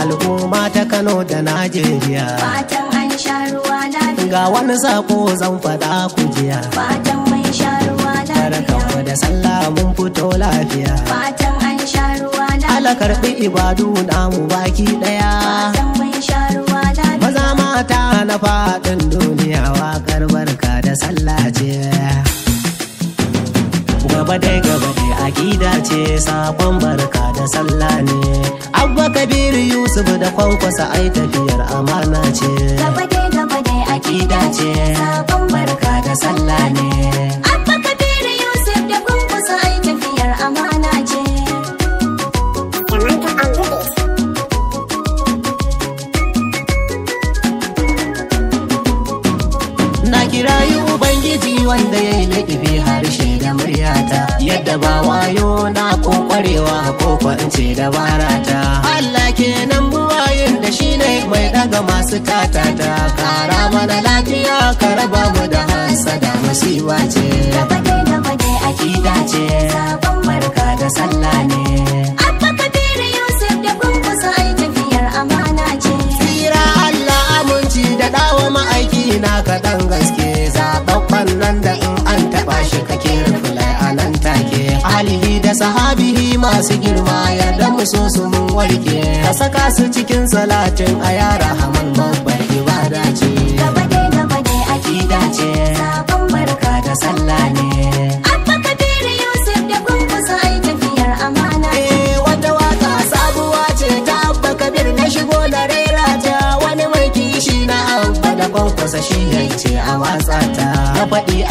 al'umma ta Kano da Najeriya. Fatan an sha ruwa lafiya. Ga wani sako zan faɗa ku jiya. Fatan mun sha ruwa lafiya. Barkanmu da sallah mun fito lafiya. Fatan an sha ruwa lafiya. Ala karɓi ibadu namu baki ɗaya. Fatan mun sha ruwa lafiya. Maza mata na faɗin duniya waƙar ka da sallah jiya. gaba dai gaba dai akida ce sabon barka da sallah ne abba kabiru yusuf da kwankwasa ai tafiyar amana ce gaba dai gaba dai akida ce sabon barka da sallah ne yadda ba wayo na ko kwarewa ko kwance dabara ta Allah kenan buwayin da shi ne mai daga masu tata ta kara mana lafiya ka raba mu da hasada musiba ce masu girma ya mu so su mun warke ka saka su cikin salatin a yara haman babbar ibada ce gaba dai gaba dai akida ce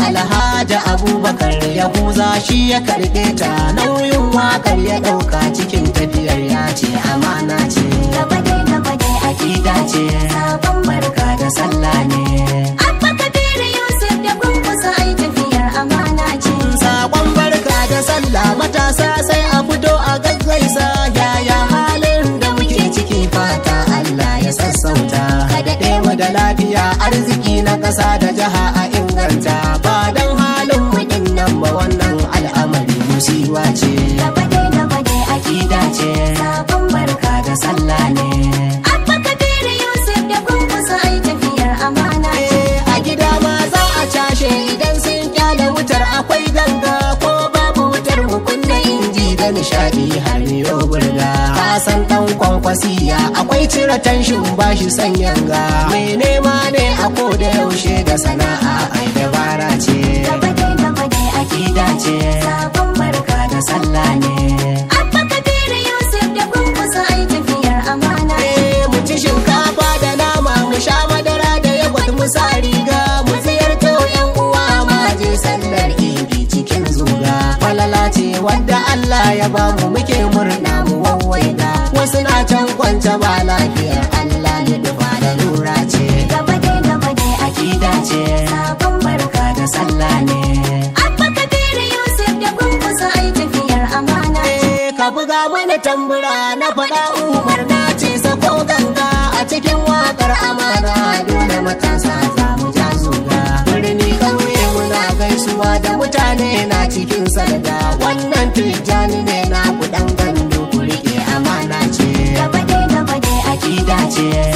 alhaji abubakar yahuza shi ya karɓe ta nauyin waƙar ya ɗauka cikin tafiyar ya ce amana ce gaba dai gaba dai aƙida ce sabon barka da sallah ne sallah matasa sai a fito a gaggaisa yaya halin da muke ciki fata Allah ya sassauta ka daɗe mu da lafiya arziki na ƙasa da jiha a nishaɗi har miyo burga ka san ɗan kwankwasiya akwai cire tanshin bashi son yanga mai nema ne a ko da yaushe da sana'a ai dabara ce gaba dai gaba dai akida ce sabon barka da sallah ne ya ba mu muke murna mu wawwaina wasu na can kwance ba lafiya Allah ne dufa da lura ce gaba dai gaba dai akida ce sabon barka da sallah ne abba kabiru yusuf da gungusa ai tafiyar amana ce eh, ka buga mana tambura na faɗa umar na ce sako ganga a cikin waƙar amana dole matasa za mu ja ga birni ƙauye muna gaisuwa da mutane na ciki wannan tijjani ne na kudan gandu ku amana ce gaba dai gaba ce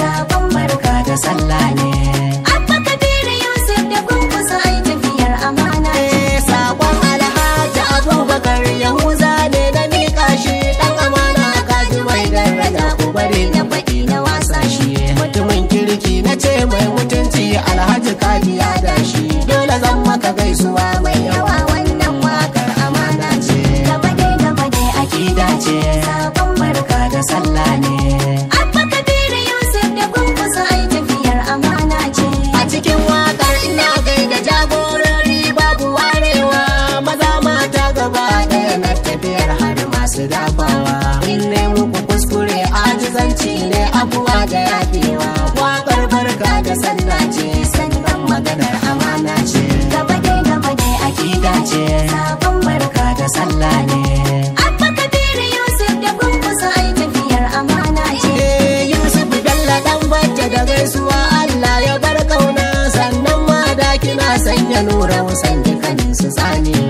Tanzania.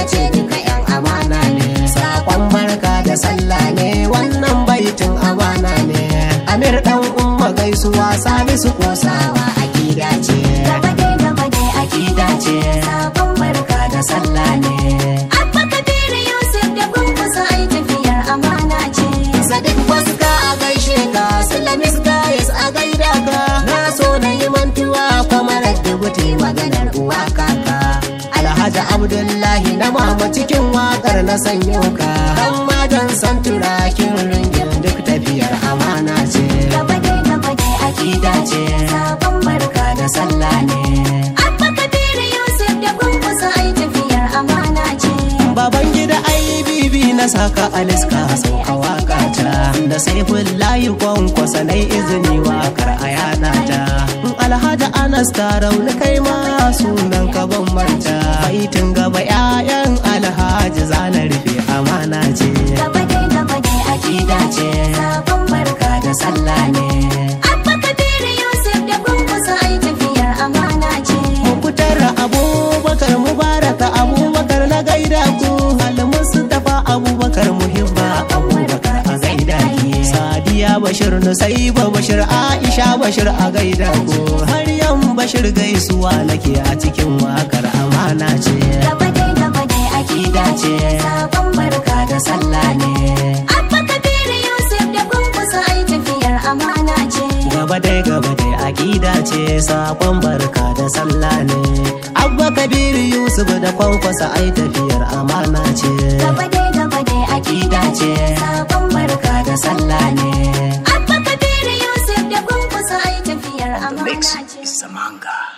ta ce duka yan amana ne sakon barka da sallah ne wannan baitin amana ne amir dan umma gaisuwa salisu kosawa akida ce gaba ne gaba dai akida ce sakon barka da sallah ne abdullahi na mama cikin wakar na sanyo ka dan madan san turakin ringin duk tafiyar amana ce gaba akida ce sabon barka da sallah ne abba kabiru yusuf da gungusa ai tafiyar amana ce baban gida ai bibi na saka aliska sauka waka ta da sai layi kwankwasa na izini wakar a yada ta alhaji anas ta rauni kai ma sunan ka ban bashir nusaiba bashir aisha bashir a gaida ko har yan bashir gaisuwa nake a cikin wakar amana ce gaba da ne sakon barka da sallah ne abba Kabiru yusuf da kwankwasa ai tafiyar amana ce gaba aƙida ce sabon barka da sallah ne abba da yusuf da kunkusa ai tafiyar amana ce